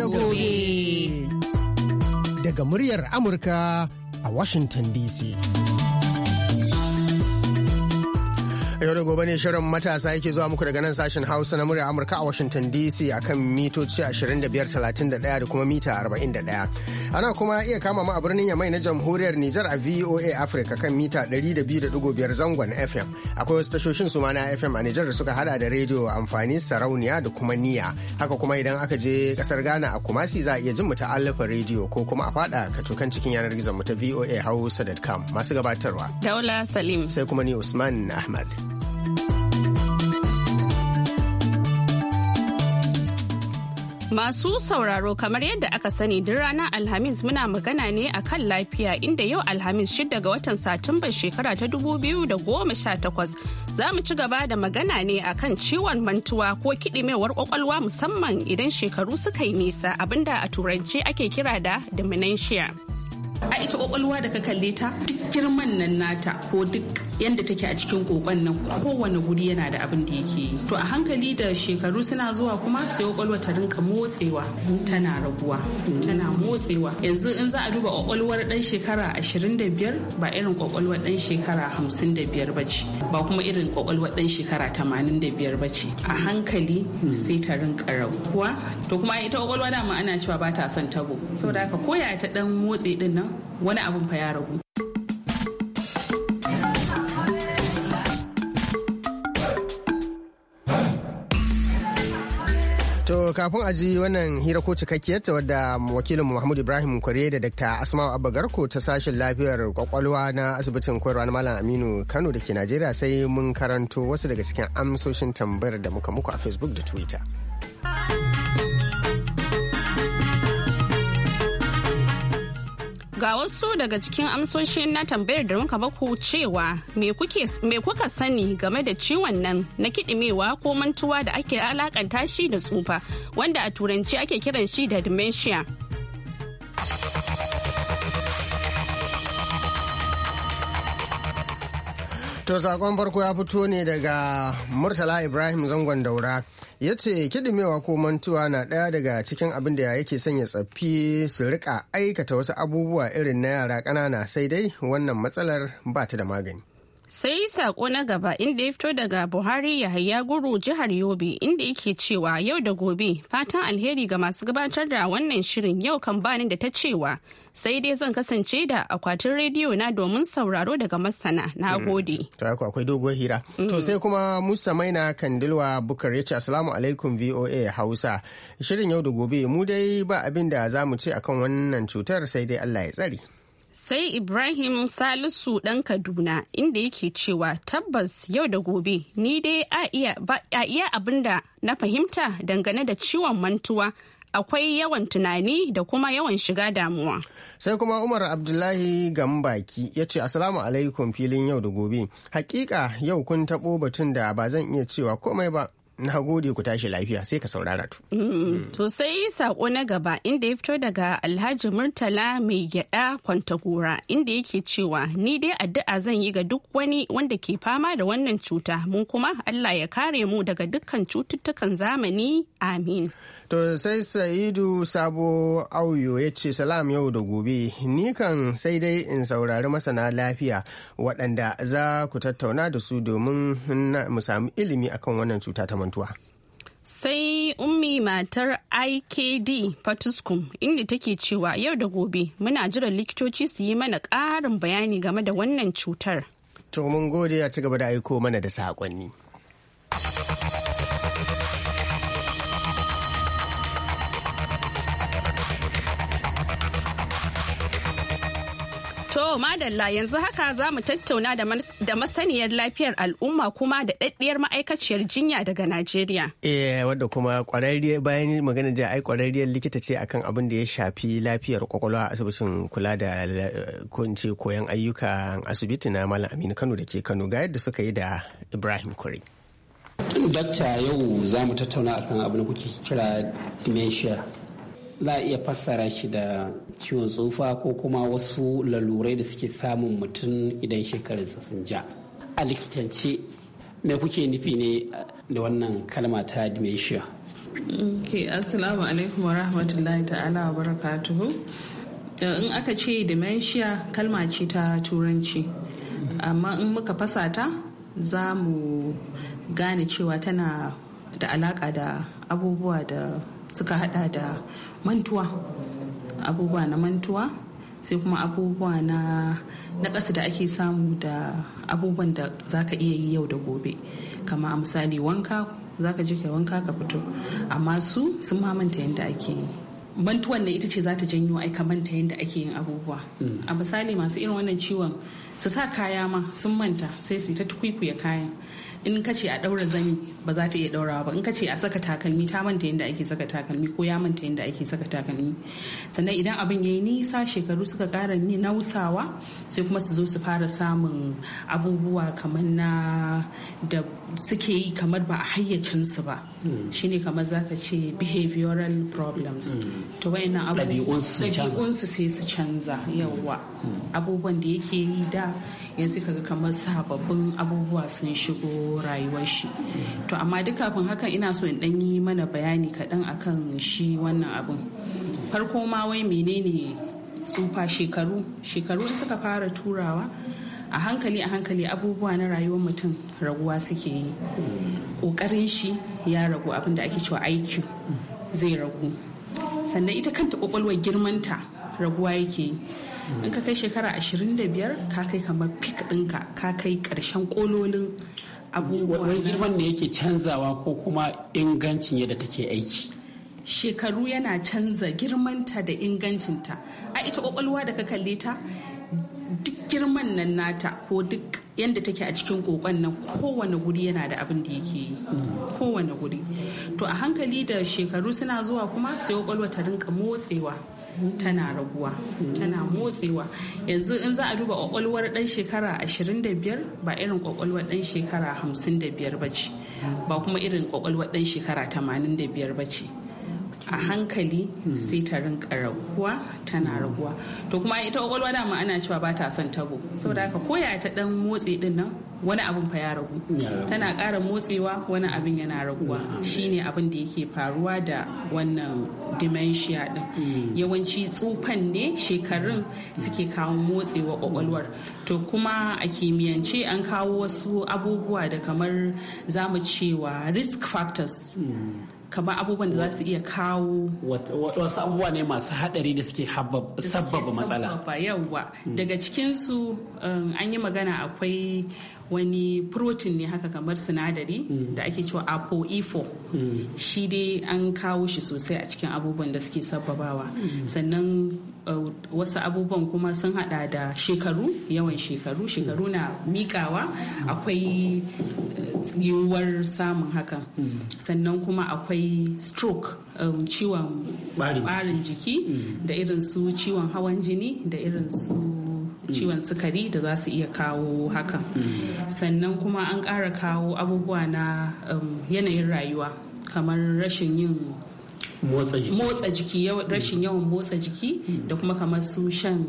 da gobe. Daga muryar Amurka a Washington DC. yau da gobe ne shirin matasa yake zuwa muku daga nan sashen hausa na murya amurka a washington dc akan mitoci 25 31 da kuma mita 41 Ana kuma iya kama mu a birnin Yamai na Jamhuriyar Nijar a VOA Africa kan mita 200.5 zangon FM. Akwai wasu tashoshin su ma na FM a Nijar da suka hada da rediyo amfani sarauniya da kuma niya. Haka kuma idan aka je kasar Ghana a Kumasi za a iya jin mu ta allafa rediyo ko kuma a fada katukan cikin yanar gizon mu ta VOA Hausa.com masu gabatarwa. Daula Salim. Sai kuma ni Usman Ahmad. Masu sauraro kamar yadda aka sani duk ranar Alhamis muna magana ne a kan lafiya inda yau Alhamis 6 ga watan Satumbar shekara ta 2018 za mu ci gaba da magana ne a kan ciwon mantuwa ko kiɗimewar kwakwalwa musamman idan shekaru suka yi nisa abinda a turanci ake kira da dementia. a ita kwakwalwa da ka kalle ta duk girman nan nata ko duk yadda take a cikin kokon nan kowane guri yana da abin da yake yi to a hankali da shekaru suna zuwa kuma sai kwakwalwa ta rinka motsewa tana raguwa tana motsewa yanzu in za a duba kwakwalwar dan shekara 25 ba irin kwakwalwar dan shekara 55 ba ce ba kuma irin kwakwalwar dan shekara 85 ba ce a hankali sai ta rinka raguwa to kuma ita kwakwalwa dama ana cewa ba ta son tabo saboda haka koya ta dan motsi din nan wani abun fa ya ragu To kafin a ji wannan hira ko ta wadda wakilin Muhammad Ibrahim Kure da Dr. Asma'u garko ta sashen lafiyar kwakwalwa na asibitin koyarwa na Malam Aminu Kano da ke Najeriya sai mun karanto wasu daga cikin amsoshin tambayar da muka muku a Facebook da Twitter. Ga wasu daga cikin amsoshin na tambayar da muka baku cewa me kuka sani game da ciwon nan na kiɗimewa ko mantuwa da ake alakanta shi da tsufa wanda a turanci ake kiran shi da dementia. To sakon farko ya fito ne daga Murtala Ibrahim Zangon Daura. Ya ce kidimewa ko mantuwa na ɗaya daga cikin abin da yake sanya tsaffi su rika aikata wasu abubuwa irin na yara ƙanana sai dai wannan matsalar ba ta da magani. sai sako na gaba inda ya fito daga buhari yahaya guru jihar yobe inda yake cewa yau da gobe fatan alheri ga masu gabatar da wannan shirin yau kan bani da ta cewa sai dai zan kasance da akwatin rediyo na domin sauraro daga masana na mm-hmm. gode ta akwai doguwar hira to mm. sai kuma musa maina kandilwa bukar ya ce asalamu alaikum voa hausa shirin yau da gobe mu dai ba abin da za mu ce akan wannan cutar sai dai allah ya tsare sai ibrahim salisu ɗan kaduna inda yake cewa tabbas yau da gobe ni dai a iya abin da na fahimta dangane da ciwon mantuwa akwai yawan tunani da kuma yawan shiga damuwa. Sai kuma Umar Abdullahi Gambaki ya ce "Asalamu alaikum filin yau da gobe. Hakika yau kun taɓo batun da ba zan iya cewa komai ba na gode ku tashi lafiya sai ka saurara tu. Mm. Mm. To sai sako na gaba inda ya fito daga Alhaji Murtala mai gyada kwantagora inda yake cewa ni dai addu'a zan yi ga duk wani wanda ke fama da wannan cuta mun kuma Allah ya kare mu daga dukkan cututtukan zamani amin. To sai Sa'idu Sabo Auyo ya ce salam yau da gobe ni kan sai dai in saurari masana lafiya waɗanda za ku tattauna da su domin mu samu ilimi akan wannan cuta ta makarantuwa. Sai ummi matar IKD Fatuskum inda take cewa yau da gobe muna jiran likitoci su yi mana ƙarin bayani game da wannan cutar. To mun gode a ci gaba da aiko mana da saƙonni. To madalla yanzu haka za mu tattauna da masaniyar lafiyar al'umma kuma da ɗaɗɗiyar ma'aikaciyar jinya daga Najeriya. Eh wadda kuma kwararriya bayan magana da ai kwararriyar likita ce akan abin da ya shafi lafiyar kwakwalwa a asibitin kula da eh, koyan ayyuka asibiti na Malam Aminu Kano da ke Kano ga yadda suka yi da Ibrahim Kuri. Dakta yau za mu tattauna akan abin da kuke kira dementia za a iya fassara shi da ciwon tsufa ko kuma wasu lalurai da suke samun mutum idan shekarunsa sun ja a likitance me kuke nufi ne da wannan kalma ta dementia okay assalamu alaikum wa rahmatullahi ta'ala wa barakatuhu in aka ce dementia kalma ce ta turanci amma in muka fasa ta za mu gane cewa tana da alaka da abubuwa da suka hada da mantuwa abubuwa na mantuwa sai kuma abubuwa na na ƙasa da ake samu da abubuwan da za ka iya yi yau da gobe kama a misali wanka za ka je ka wanka ka fito amma su sun mamanta yadda ake yi mantuwan na ita ce za ta janyo aika manta yadda ake yin abubuwa mm. a misali masu irin wannan ciwon su sa kaya ma sun manta sai su ta tukwikwiye kayan in ka ce a ɗaura zani ba za ta iya daurawa ba in ka ce a saka takalmi ta manta yadda ake saka takalmi ko ya manta yadda ake saka takalmi sannan idan abin ya yi nisa shekaru suka kara nausawa sai kuma su zo su fara samun abubuwa kamar na da suke yi kamar ba a hayyacinsu ba shine kamar zaka ce behavioral problems hmm. to wayannan su sai su canza yawa hmm. abubuwan da yake yi da yanzu kaga kamar sababbin abubuwa sun shigo rayuwar shi hmm. to amma duk kafin haka ina so in dan yi mana bayani kaɗan akan shi wannan abin farko ma wai menene tsufa shekaru shekaru suka fara turawa a hankali a hankali abubuwa na rayuwar mutum raguwa suke yi ƙoƙarin shi ya ragu abinda ake cewa aiki zai ragu sannan ita kanta kwakwalwar girmanta raguwa yake yi in ka kai shekara 25 ka kai kamar fik ɗinka ka kai ƙarshen ƙololin abubuwa girman ne yake canzawa ko kuma ingancin yadda take aiki shekaru yana canza girmanta da ingancinta a ita ƙwaƙwalwa da ka kalle ta girman nan nata ko duk yadda take a cikin kokon nan kowane guri yana da abin da yake yi kowane guri to a hankali da shekaru suna zuwa kuma sai kwakwalwa ta rinka motsewa tana raguwa tana motsewa yanzu in za a duba kwakwalwar dan shekara 25 ba irin kwakwalwar dan shekara 55 ba ce ba kuma irin kwakwalwar dan shekara 85 ba ce a hankali sai ta rinka raguwa tana raguwa to kuma ita kwakwalwa dama ana cewa ba ta son tabo saboda haka koya ta dan motsi din nan wani abin fa ya ragu tana ƙara motsewa wani abin yana raguwa mm. shine abin da yake faruwa da wannan dementia din mm. yawanci tsufan ne shekarun suke kawo motsewa kwakwalwar to kuma a kimiyyance an kawo wasu abubuwa da kamar zamu cewa risk factors mm. kamar abubuwan da za su iya kawo wasu abubuwa ne masu haɗari da suke sabbaba matsala yawwa hmm. daga cikinsu um, an yi magana akwai wani protein ne haka kamar sinadari hmm. da ake cewa apoe4 hmm. shi dai an kawo shi sosai a cikin abubuwan da suke sabbabawa sannan Uh, wasu abubuwan kuma sun hada da shekaru yawan shekaru shekaru na mikawa akwai uh, yiwuwar samun hakan sannan kuma akwai stroke um, ciwon barin jiki da irin su ciwon hawan jini da irin su ciwon sukari da za su iya kawo hakan sannan kuma an ƙara kawo abubuwa na um, yanayin rayuwa kamar rashin yin motsa jiki mm. rashin yawan motsa jiki mm. da kuma kamar su shan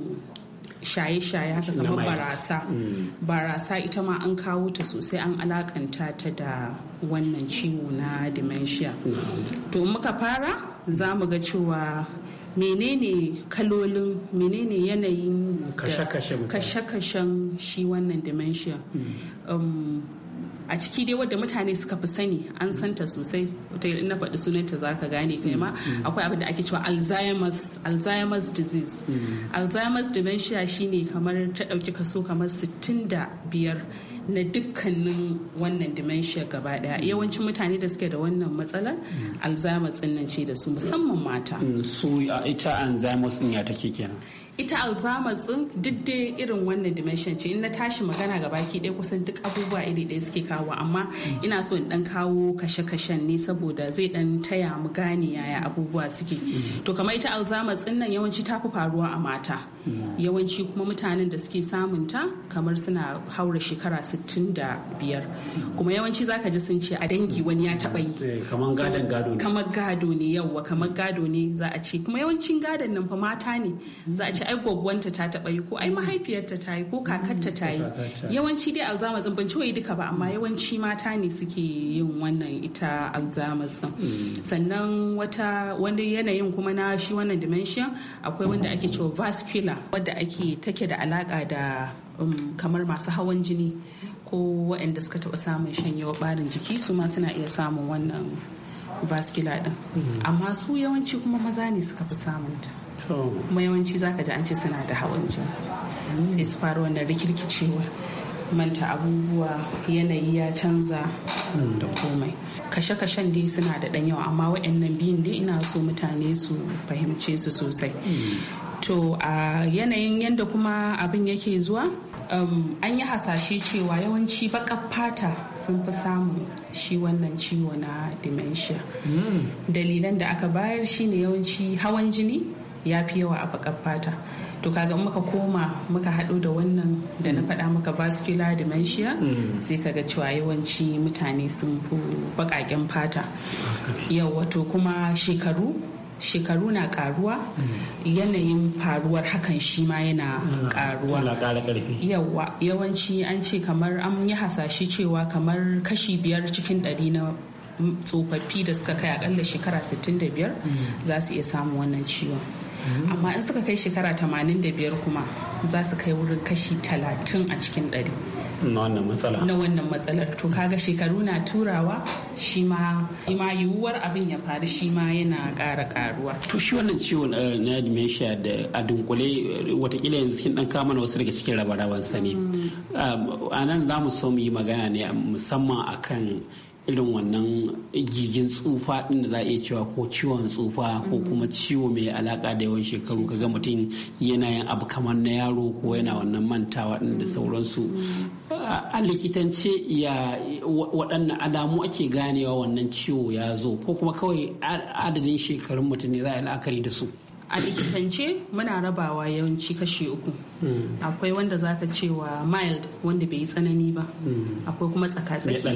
shaye-shaye haka kamar barasa mm. barasa ita ma an kawo ta sosai an alakanta ta da wannan ciwo na dementia to muka fara za mu ga cewa menene kalolin menene yanayin kashe-kashen shi wannan dementia um, a ciki dai wadda mutane suka fi sani an santa sosai wata na faɗi sunanta za ka gane kai ma mm-hmm. akwai abin da ake cewa alzheimer's alzheimer's disease mm-hmm. alzheimer's dementia shine kamar ta ɗauki kaso kamar sittin da biyar na dukkanin wannan dementia gaba daya mm-hmm. yawancin mutane da suke da wannan matsalar alzheimer's nan ce da su musamman mata mm, su ita alzheimer's ya take kenan ita alzheimer's din didde irin wannan dimension ce in na tashi magana ga baki ɗaya kusan duk abubuwa iri ɗaya suke kawo amma ina so in dan kawo kashe-kashen ne saboda zai dan taya mu gane yaya abubuwa suke mm. to kamar ita alzamar din nan yawanci ta fi faruwa a mata yawanci kuma mutanen da suke samun ta kamar suna haura shekara 65 kuma yawanci zaka ji sun ce a dangi wani ya taba yi eh, kamar gado ne kamar gado kamar gado ne za a ce kuma yawancin gadon nan fa mata ne za a ce ai gwaggwanta ta taba yi ko ai mm. mahaifiyarta ta yi ko kakarta ta yi mm, yawanci dai alzamazin ban ciwo duka ba amma mm. yawanci mata ne suke yin wannan ita alzamazin sannan wata wani yanayin kuma na shi wannan dementia akwai wanda ake cewa vascular illa wadda ake take da alaka da um, kamar masu hawan jini ko waɗanda suka taɓa samun shanyewa ɓarin jiki su ma suna iya samun wannan vascular ɗin hmm. amma su yawanci kuma maza ne suka fi samun ta. kuma yawanci zaka ji an ce suna da hawan jini hmm. sai su fara wannan rikirkicewa manta abubuwa yanayi ya canza hmm. da komai kashe-kashen dai suna da ɗan yawa amma waɗannan biyun dai ina so mutane su fahimce su sosai to a yanayin yadda kuma abin yake zuwa um, an yi hasashe cewa yawanci bakar fata sun fi samun shi wannan ciwo na dementia hmm. dalilan da aka bayar shi ne yawanci hawan jini ya fi yawa a bakar fata to kaga muka koma muka haɗo da wannan da na faɗa maka vascular dementia hmm. sai kaga cewa yawanci mutane sun fi baƙaƙen fata yau wato kuma shekaru shekaru na karuwa mm. yanayin faruwar hakan shi ma yana karuwa yawa yawanci an ce kamar an yi hasashe cewa kamar kashi biyar cikin ɗari na tsofaffi da suka kai akalla shekara 65 mm. za su iya samun wannan ciwon mm. amma in suka kai shekara 85 kuma za su kai wurin kashi 30 a cikin ɗari. na wannan matsala na wannan matsalar to kaga shekaru na turawa shi ma yiwuwar abin ya faru shi ma yana kara karuwa to shi wannan ciwon eh, na dementia da a dunkule eh, watakila yanzu kin dan kama wasu daga cikin rabe-raben sani mm. a nan za mu so mu yi magana ne musamman akan irin wannan gigin tsufa din da za a iya cewa ko ciwon tsufa ko mm. kuma ciwo mai alaka da yawan shekaru kaga mutum yana yin abu kamar na yaro ko yana wannan mantawa din da sauransu a likitance ya waɗannan alamu ake ganewa wannan ciwo ya zo ko kuma kawai adadin shekarun mutum ne za a yi la'akari da su a likitance muna rabawa yawanci kashi uku hmm. akwai wanda zaka cewa mild wanda bai yi tsanani ba hmm. akwai kuma tsakatsaki mai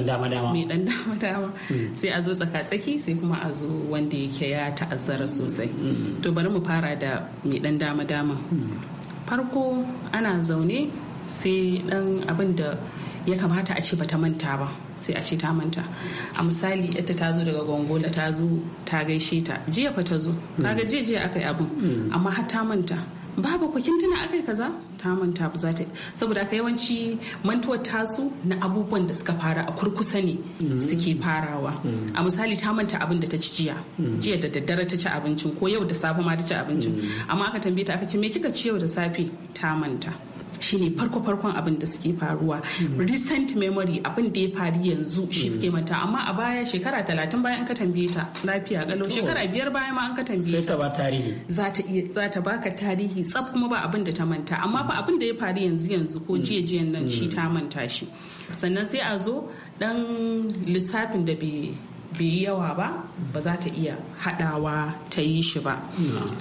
dan dama dama sai a zo tsakatsaki sai kuma a zo wanda yake ya ta'azzara sosai hmm. to bari mu fara da mai dan dama dama farko ana zaune sai dan abin da ya kamata a ce bata manta ba sai a ce ta manta a misali yadda ta zo daga gongola ta zo ta gaishe ta jiya fa ta zo kaga mm. jiya jiya aka yi abin mm. amma har ta manta babu ku kin tuna akai kaza ta manta ba za ta saboda aka yawanci mantuwar tasu na abubuwan da suka fara a kurkusa ne mm. suke farawa a misali ta manta abin da ta ci jiya jiya da daddare ta ci abincin ko yau da safe ma ta ci abincin amma aka tambaye ta aka ce me kika ci yau da safe ta manta shine farko farkon abin da suke faruwa hmm. recent memory abin da ya faru yanzu shi hmm. suke mata amma a baya shekara talatin bayan ka tambaye ta lafiya galo shekara biyar bayan ma an ka tambaye ta ba tarihi za ta iya za ta baka tarihi tsaf kuma ba abin da ta manta amma ba abin da ya faru yanzu yanzu ko hmm. jiya jiyan nan shi ta manta shi sannan sai a zo dan lissafin da bai bai yi yawa ba ba za ta iya haɗawa ta yi shi ba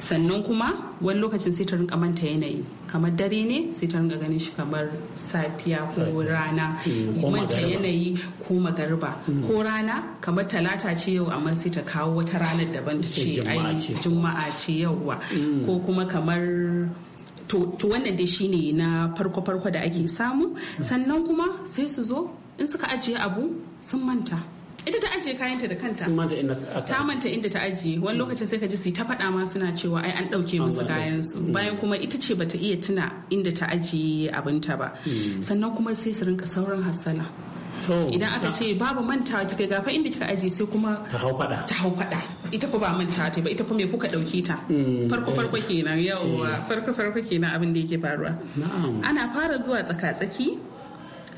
sannan kuma wani lokacin sai ta rinka manta yanayi kamar dare ne sai ta rinka ganin shi kamar safiya ko rana hmm, manta yanayi ko magariba hmm. ko rana kamar talata ce yau amma sai ta kawo wata ranar daban ta ce ai juma'a ce yauwa hmm. ko kuma kamar to wannan dai shine na farko-farko da ake samu sannan kuma sai su zo in suka ajiye abu sun manta ita ta ajiye kayanta da kanta ta manta inda ta ajiye wani lokacin sai ka ji su ta faɗa ma suna cewa ai an ɗauke musu kayan su mm. bayan kuma ita ce bata iya tuna inda ta ajiye abinta ba mm. sannan kuma sai su rinka sauran hassala idan aka ce babu mantawa kika gafa inda kika ajiye sai kuma ta hau fada ta hau fada ita fa ba mantawa ta ba ita fa me kuka dauke ta mm. farko farko kenan yawa eh. farko farko kenan abin da yake faruwa ana fara zuwa tsaka tsaki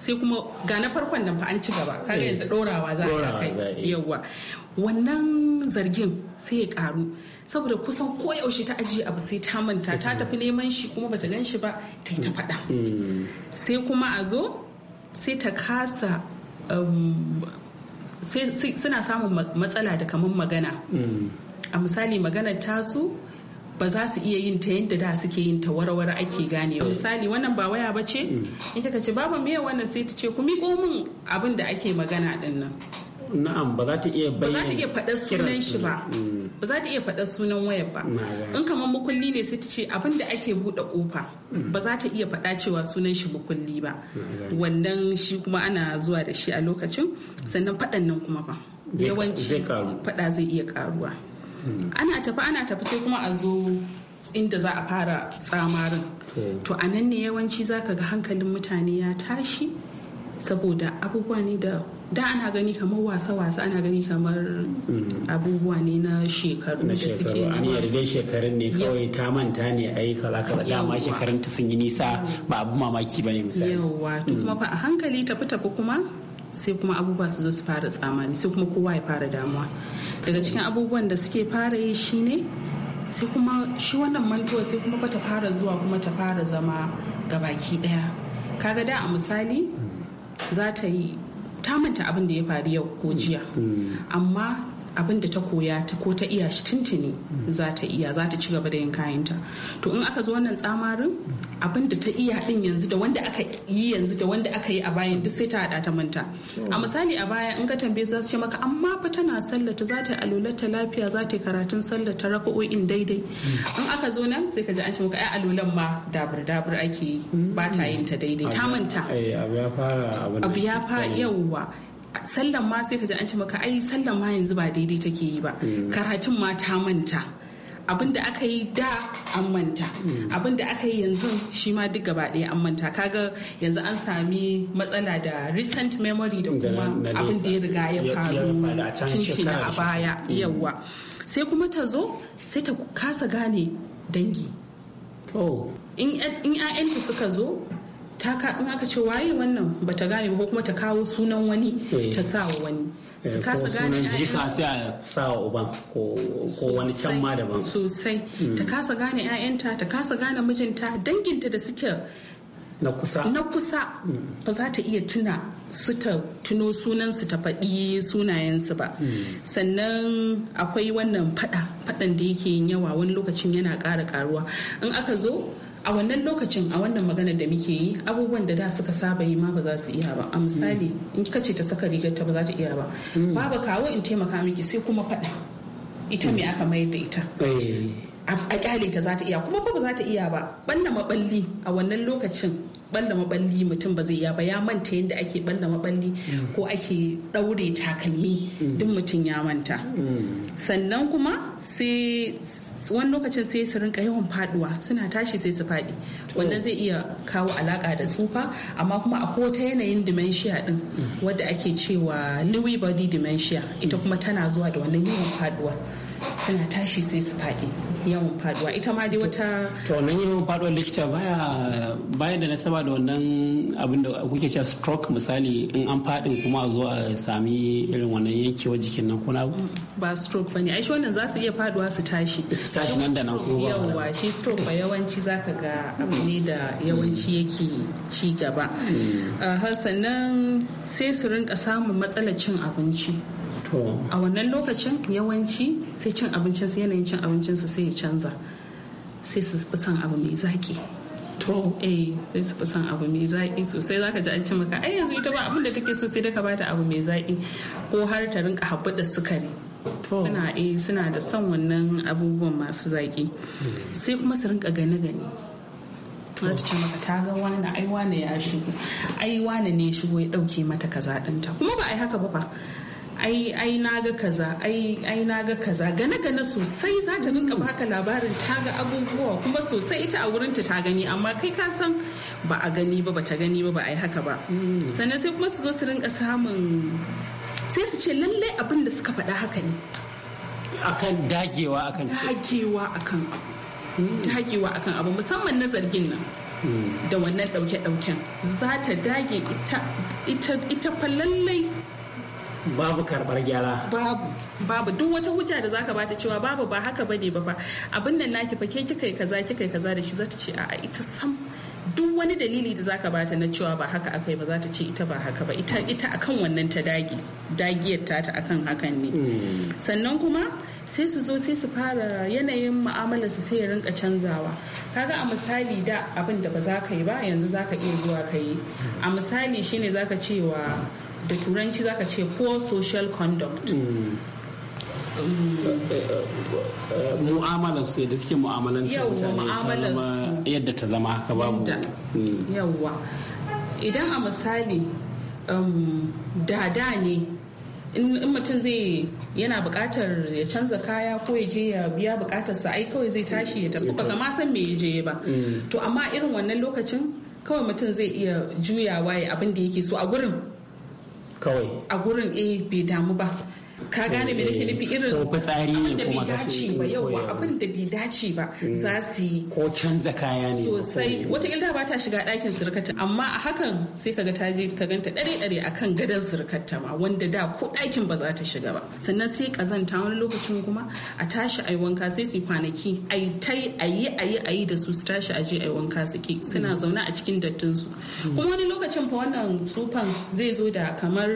sai kuma ga na farkon nan fa an ci gaba kaga eh. yanzu dorawa za a kai yawa wannan zargin sai ya karu saboda kusan ko yaushe ta ajiye abu sai ta manta ta tafi neman shi kuma bata gan shi ba ta yi ta faɗa mm. sai kuma a zo sai ta kasa um, sai suna samun matsala da kamar magana mm. a misali magana tasu ba za su iya yin ta yadda da suke yin ta warware ake gane misali wannan ba waya ba ce in ta kace babu me wannan sai ta ce ku miƙo min abin da ake magana din nan na'am ba za ta iya bayyana mm. ba za ta iya faɗa sunan shi ba ba za ta iya faɗa sunan wayar ba in kamar mukulli ne sai ta ce abin da ake buɗe ƙofa mm. ba za ta iya faɗa cewa sunan shi mukulli ba wannan shi kuma ana zuwa da shi a lokacin sannan faɗan nan kuma ba yawanci faɗa zai iya karuwa ana tafi ana tafi sai kuma a zo inda za a fara tsamarin to a nan ne yawanci za ka ga hankalin mutane ya tashi saboda abubuwa ne da da ana gani kamar wasa-wasa ana gani kamar mm. abubuwa ne na shekaru da suke an yarda shekarun ne kawai ta manta ne a yi kala-kala dama shekarun ta sun yi nisa ba abu mamaki ba ne misali yawa to kuma fa a hankali tafi-tafi kuma sai kuma abubuwa su zo su fara tsamani sai kuma kowa ya fara damuwa daga cikin abubuwan da suke fara yi shine sai kuma shi wannan mantuwa sai kuma ba ta fara zuwa kuma ta fara zama ga baki daya kaga da a misali za ta yi ta manta abin da ya faru yau ko jiya mm. amma abin da ta koya ta ko ta iya shi tuntuni mm. za ta iya za ta ci gaba da yin kayanta to in aka zo wannan tsamarin mm. abin da ta iya din yanzu da wanda aka yi yanzu da wanda aka yi a bayan duk sai ta hada ta manta a misali a baya in ka tambaye za su ce maka amma fa tana sallata za ta alulata lafiya za ta karatun sallata raka'o'in daidai mm. in aka zo nan sai ka ji an ce maka ai alulan ma dabur dabur ake ba ta yin ta daidai ta manta eh, abu ya fara Abu ya yawwa sallan ma sai ka ji an ce maka ai sallan ma yanzu ba daidai take yi ba mm. karatun ma ta manta abin da aka yi da an manta mm. abin da aka yi yanzu shi ma duk gaba ɗaya an manta kaga yanzu an sami matsala da recent memory da kuma abin da ya riga ya faru tuntuna a baya mm. yawa sai kuma ta zo sai ta kasa gane dangi oh. in 'ya'yanta suka zo ta ka in aka ce waye wannan bata gane ba ko kuma ta kawo sunan wani eh. ta sa wa wani su eh, kasa gane jika sai a sa wa uban ko wani can ma daban sosai hmm. ta kasa gane 'ya'yanta ta kasa gane mijinta danginta da suke na kusa na kusa hmm. ba za ta iya tuna su ta tuno sunansu ta faɗi sunayensu ba hmm. sannan akwai wannan faɗa faɗan da yake yawa wani lokacin yana ƙara ƙaruwa in aka zo a wannan lokacin a wannan magana da muke yi abubuwan da da suka saba yi ma ba za su iya ba a misali in ka ce ta saka rigar ta ba za ta iya ba mm. ba kawo in taimaka miki sai kuma faɗa ita me mm. aka mayar da ita eh. a kyale ta za ta iya kuma ba za ta iya ba balla maballi a wannan lokacin balla maballi mutum ba zai iya ba ya manta yadda ake balla maballi mm. ko ake ɗaure takalmi duk mutum ya manta sannan kuma sai wani lokacin sai su rinka yawan faduwa suna tashi sai su faɗi wannan zai iya kawo alaka da tsufa amma kuma a kota yanayin dementia din wadda ake cewa lewy body dementia ita kuma tana zuwa da wannan yawan faduwa suna tashi sai su faɗi yawan faduwa ita ma dai wata to wannan yawan faduwar likita baya baya da nasaba da wannan abin da kuke cewa stroke misali in an fadin kuma a zo a sami irin wannan yankewar jikin nan kuna ba stroke bane ai shi wannan za su iya faduwa su tashi su tashi nan da nan kuma yawa shi stroke ba yawanci zaka ga abu ne da yawanci yake ci gaba hmm. har sannan sai su rinka samun matsalar cin abinci a wannan lokacin yawanci sai cin abincinsu yanayin cin abincinsu sai ya canza sai su fi son abu mai zaki to eh sai su fi son abu mai zaki sosai zaka ji an ci maka ai yanzu ita ba abin da take so sai da ka bata abu mai zaki ko har ta rinka habbuda sukari suna eh suna da son wannan abubuwan masu zaki hmm. sai kuma su rinka gane gane ta ce maka ta ga wani ai wani ya shigo ai wani ne shigo ya dauke mata kaza dinta kuma ba ai haka ba fa ai ai ga kaza ai ai ga kaza gane gane sosai za ta rinka hmm. baka labarin ta ga abubuwa kuma sosai ita a wurinta ta gani amma kai ka san ba a gani ba bata gani ba ba a haka ba hmm. sannan sai kuma su zo su rinka samun sai su ce lallai abin da suka faɗa haka ne akan dagewa akan dagewa akan hmm. dagewa akan abu musamman na zargin nan da wannan ɗauke-ɗauken za ta dage ita ita fa lallai babu karbar gyara babu babu duk wata hujja da zaka bata cewa babu ba haka bane ba abin nan naki fa ke kika kaza kika kaza da shi zata ce a'a ita sam duk wani dalili da zaka bata na cewa ba haka akai ba za ta ce ita ba haka ba ita ita akan wannan ta dage dagiyar ta ta akan hakan ne hmm. sannan kuma sai su zo sai su fara yanayin mu'amalar su sai ya rinka canzawa kaga a misali da abin da ba za ka yi ba yanzu za ka iya zuwa ka yi a misali shine zaka cewa da turanci zaka ce poor social conduct mm. mu'amalar su yadda suke mu'amalar mutane yadda ta zama haka babu yawwa mm. idan a misali dada um, ne in mutum zai yana buƙatar ya canza kaya ko ya je ya biya bukatar sa ai kawai zai tashi ya tafi mm. baka ma san me ya je ba to amma irin wannan lokacin kawai mutum zai iya juyawa ya abinda da yake so a gurin kawai a gurin eh bai damu ba ka gane me nake nufi irin ko da bai dace ba yawa abin da bai dace ba za su yi ko canza kaya ne sosai wata da ba ta shiga ɗakin surkata amma a hakan sai ga ta je ka ganta dare dare akan gadon surkata ma wanda da ko ɗakin ba za ta shiga ba sannan sai kazanta wani lokacin kuma a tashi ayi wanka sai su kwanaki ai tai ayi ayi ayi da su su tashi aje ayi wanka suke suna mm. zauna a cikin dattin su mm. kuma wani lokacin fa wannan tsufan zai zo da kamar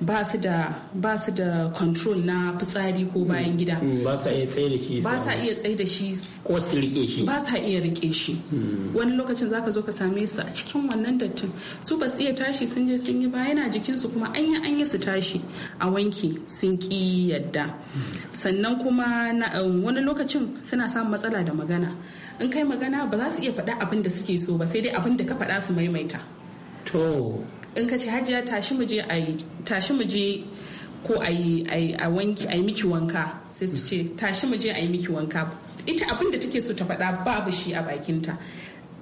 ba su da ba su da control na fitsari ko hmm. bayan gida hmm, ba sa iya tsaye da shi ba sa iya tsaye shi ko su rike shi ba sa iya rike shi hmm. wani lokacin zaka zo ka same su a cikin wannan dattin su ba su iya tashi sun je sun yi ba yana jikin su kuma an yi an su tashi a wanki sun ki yadda sannan kuma um, wani lokacin suna samun matsala da magana in kai magana ba za su iya faɗa abin da suke so ba sai dai abin da ka faɗa su maimaita to in ka ce hajiya tashi mu je tashi mu je ko a wanki a miki wanka sai ta ce tashi mu je a yi miki wanka ita abin da take so ta faɗa babu shi a bakinta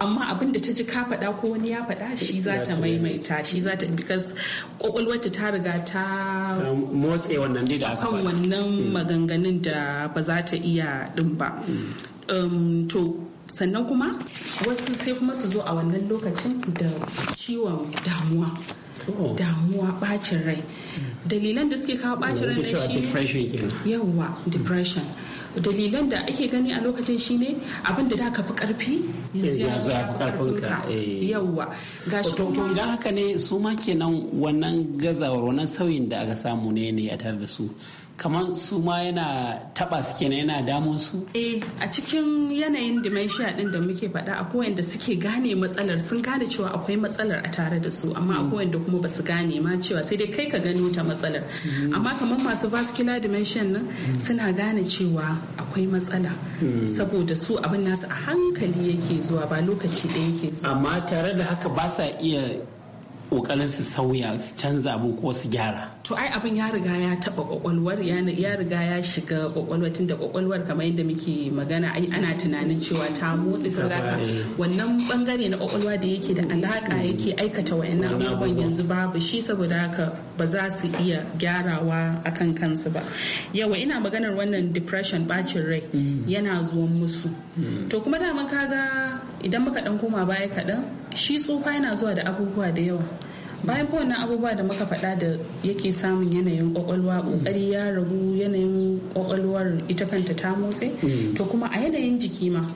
amma abin da ta ji ka faɗa ko wani ya faɗa shi za ta maimaita shi za ta because kwakwalwarta ta riga ta motse wannan da aka kan wannan hmm. maganganun da ba za ta iya din ba hmm. um, to sannan kuma wasu sai kuma su zo a wannan lokacin da ciwon damuwa oh. damuwa bacin rai hmm. dalilan da suke kawo bacin rai shi yawa depression dalilan da ake gani a lokacin shine abin da da ka fi karfi eh, yanzu ya fi karfin ka eh. yawa gashi to to idan haka ne su ma kenan wannan gazawar wannan sauyin da aka samu ne ne a tare da su kamar su ma yana taba su kenan yana damun su eh a cikin yanayin dementia din da muke faɗa akwai da suke gane matsalar sun gane cewa akwai matsalar a tare da su amma akwai da kuma ba su gane ma cewa sai dai kai ka gano ta matsalar mm-hmm. amma kamar masu vascular dementia nan mm-hmm. suna gane cewa akwai matsala mm-hmm. saboda su abin nasu a hankali yake zuwa ba lokaci ɗaya yake zuwa amma tare da haka ba sa iya kokarin su sauya su canza abin ko su gyara to ai abin ya riga ya taba kwakwalwar ya riga ya shiga kwakwalwar tun da kwakwalwar kamar yadda muke magana ai ana tunanin cewa ta motsi sauraka wannan bangare na kwakwalwa da yake da alaka yake aikata wayannan abubuwan yanzu babu shi saboda haka ba za su iya gyarawa akan kansu ba yawa ina maganar wannan depression bacin rai mm. yana zuwan musu mm. to kuma daman kaga idan muka dan koma baya kaɗan shi tsufa yana zuwa da abubuwa da yawa bayan fa wannan abubuwa da muka faɗa da yake samun yanayin kwakwalwa kokari ya ragu yanayin kwakwalwar ita kanta ta motsi mm. to kuma a yanayin jiki ma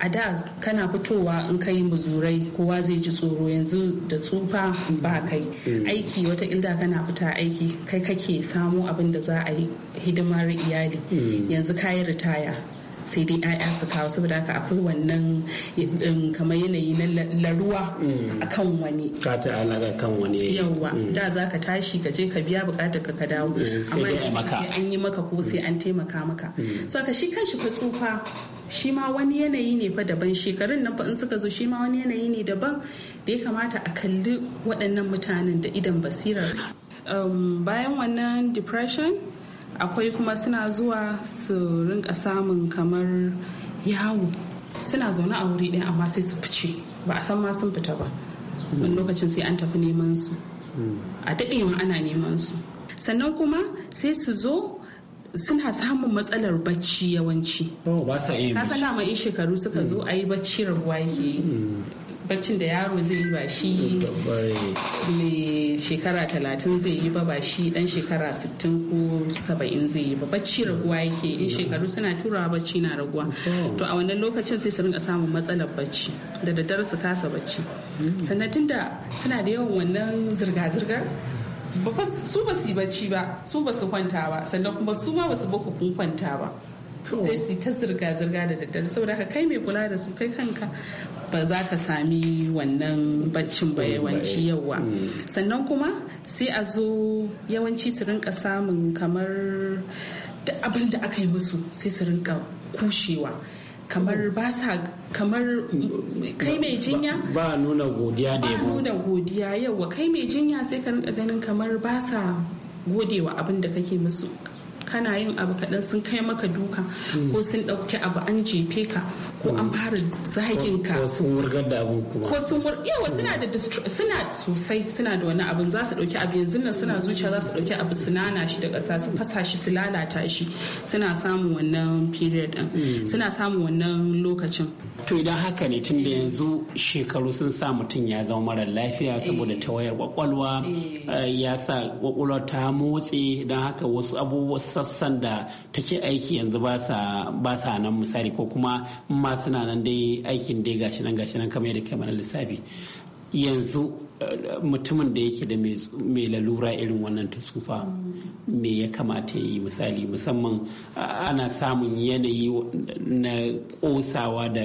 a da kana fitowa in kai muzurai kowa zai ji tsoro yanzu da tsufa ba mm. kai mm. aiki wata ilda kana fita aiki kai kake samo abin da za a yi hidimar iyali yanzu kayi ritaya sai dai 'ya'ya su kawo saboda haka akwai wannan um, kamar yanayi na laruwa mm. a kan wani ka ta alaƙa kan wani yawwa mm. da za ka tashi ka je ka biya bukatar ka ka dawo eh, amma sai an yi maka ko sai an taimaka maka mm. so ka shi kanshi ka tsufa shi ma wani yanayi ne fa daban shekarun nan fa in suka zo shi ma wani yanayi ne daban da ya kamata a kalli waɗannan mutanen da idan basirar um, bayan wannan depression akwai kuma suna zuwa su rinka samun kamar yawo suna zaune a wuri ɗaya amma sai su fice ba a san ma sun fita ba wani lokacin sai an tafi neman su a daɗewa ana neman su sannan kuma sai su zo suna samun matsalar bacci yawanci. Oh, ba sa iya bacci. ma in shekaru suka zo hmm. a yi bacci rabuwa yake baccin da yaro zai yi ba shi mai shekara talatin zai yi ba ba shi dan shekara sittin ko saba'in zai yi ba bacci raguwa yake in shekaru suna turawa bacci na raguwa to a wannan lokacin sai su rinka samun matsalar bacci da daddare su kasa bacci sannan tunda suna da yawan wannan zirga-zirgar su ba su yi bacci ba su ba su kwanta ba sannan kuma su ma ba su kun kwanta ba sai su ta zirga-zirga da daddare saboda haka kai mai kula da su kai kanka ba za ka sami wannan baccin ba mm, yawanci eh. yauwa mm. sannan kuma sai a zo yawanci su rinka samun kamar abin da aka yi musu sai su rinka kushewa kamar oh. ba sa kamar kai mai jinya ba nuna godiya da ba nuna godiya yauwa kai mai jinya sai ka rinka ganin kamar ba sa godewa abin da kake musu kana yin abu kaɗan sun kai maka duka ko sun ɗauki abu an jefe ka ko an fara zagin ka ko sun wurgar da abu kuma ko sun wurgar yawa suna da suna sosai suna da wani abin za su ɗauki abu yanzu nan suna zuciya za su ɗauki abu su nana shi da ƙasa su fasa shi su lalata shi suna samun wannan period ɗin hmm. suna samun wannan lokacin to idan haka ne tun da yanzu shekaru sun sa mutum ya zama mara lafiya eh. saboda tawayar kwakwalwa eh. eh, ya sa kwakwalwa ta motse don haka wasu abubuwa sassan da take aiki yanzu ba sa nan misali ko kuma ma suna nan dai aikin dai gashi nan gashi nan kamar yadda kai mana lissafi yanzu eh, mutumin da yake da mai lalura irin wannan ta tsufa me ya kamata yi misali musamman ana samun yanayi na kosawa da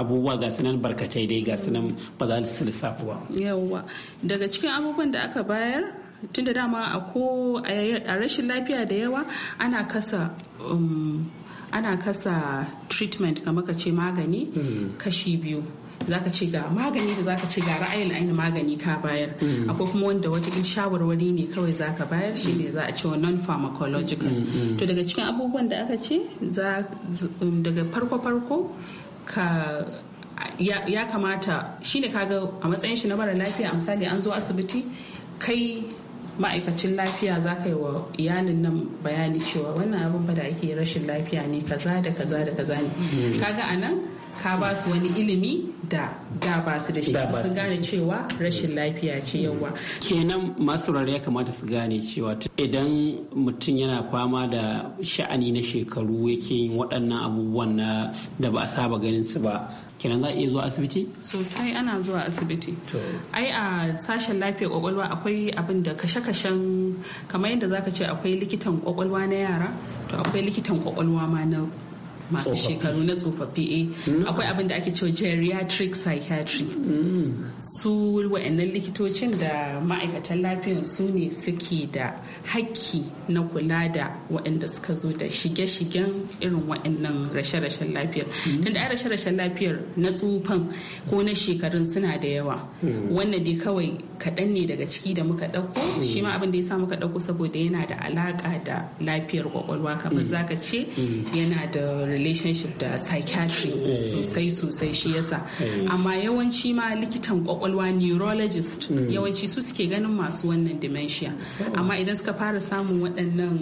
abubuwa ga sunan barkatai dai ga sunan ba za su lissafi ba yawwa daga cikin abubuwan da aka bayar tunda dama a ko a rashin lafiya da yawa ana kasa um, ana kasa treatment kamar ka ce magani hmm. kashi biyu zaka ce ga magani da zaka ce ga ra'ayin ainihin magani ka bayar hmm. akwai kuma wanda wata shawarwari ne kawai zaka bayar shi ne za a ce non pharmacological hmm, to daga cikin abubuwan da aka ce um, daga farko farko ka ya kamata shine kaga a matsayin shi na mara lafiya a misali an zo asibiti kai ma'aikacin lafiya za ka yi wa iyalin nan bayani cewa wannan abin ba da ake rashin lafiya ne kaza da kaza da kaza ne mm. kaga a nan ka ba su wani ilimi da da ba su da shi su gane cewa rashin lafiya ce yawa kenan masu ya kamata su gane cewa idan mutum yana fama da sha'ani na shekaru yake yin waɗannan abubuwan na da ba a saba ganin su ba kenan za a iya zuwa asibiti sosai ana zuwa asibiti ai a sashen lafiyar kwakwalwa akwai abin da kashe-kashen kamar yadda zaka ce akwai likitan kwakwalwa na yara to akwai likitan kwakwalwa ma na masu shekaru na tsofaffi eh. hmm. akwai abin da ake cewa geriatric psychiatry hmm. su wa'annan likitocin da ma'aikatan lafiyan su ne suke da hakki na kula da waɗanda suka zo da shige-shigen irin waɗannan rashe-rashen lafiyar hmm. tunda a rashe-rashen lafiyar na tsufan ko na shekarun suna da yawa wannan dai kawai kaɗan ne daga ciki da muka ɗauko shi ma abin da ya sa muka ɗauko saboda yana da alaƙa da lafiyar kwakwalwa kamar zaka ce yana da relationship da psychiatry eh. sosai sosai shi yasa eh. amma yawanci ma likitan kwakwalwa neurologist mm. yawanci su suke ganin masu wannan dementia oh. amma idan suka fara samun waɗannan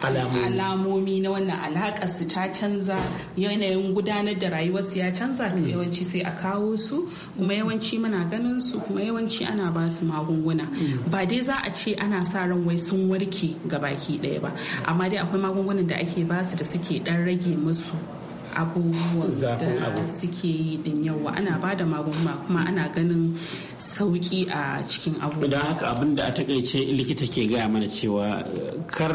alamomi na wannan alaƙa su ta canza yanayin gudanar da rayuwar su ya canza hmm. yawanci sai a kawo su kuma yawanci muna ganin su kuma yawanci ana ba su magunguna hmm. ba dai za a ce ana sa ran wai sun warke ga baki ɗaya ba amma dai akwai magungunan da ake ba su da suke ɗan rage musu abubuwan da suke yi din yawa ana ba da magunguna kuma ana ganin sauki a cikin abubuwa. Idan haka abin da a takaice likita ke gaya mana cewa kar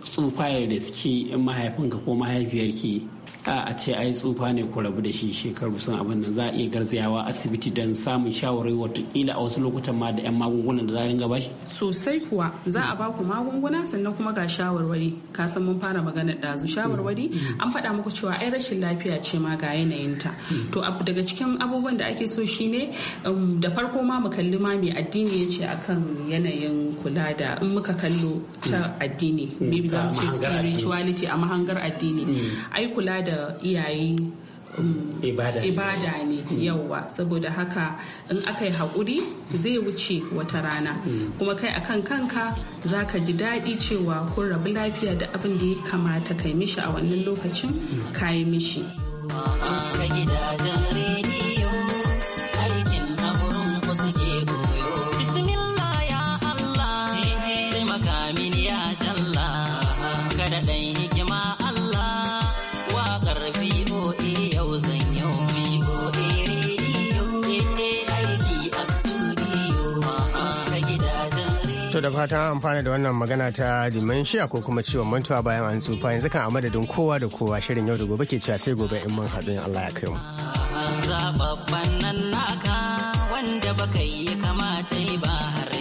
tsufa ya suke mahaifinka ko mahaifiyarki a ce ai tsufa ne ku rabu da shi shekaru sun abin nan za a iya garzayawa asibiti don samun shawarwari watakila a wasu lokutan ma da 'yan magungunan da za a ringa bashi. sosai kuwa za a baku magunguna sannan kuma ga shawarwari ka san mun fara maganar ɗazu shawarwari an faɗa muku cewa ai rashin lafiya ce ma ga ta to daga cikin abubuwan da ake so shine um, da farko ma mu kalli ma mai addini ya ce akan yanayin kula da in muka kallo ta addini hmm. maybe za mu ce spirituality a mahangar addini hmm. ai kula da da iyaye um, ibada ne yauwa saboda haka in aka yi haƙuri zai wuce wata rana mm. kuma kai akan kanka za ka ji daɗi cewa kun rabu lafiya da abin da ya kamata kai mishi a wannan lokacin mm. kayi mishi. da fatan amfana da wannan magana ta dimanshiya ko kuma ciwon mantuwa bayan an tsufa yanzu kan a madadin kowa da kowa shirin yau da gobe ke cewa sai gobe in mun haɗu in Allah ya kai mu. Zababban nan naka wanda baka yi kamata ba har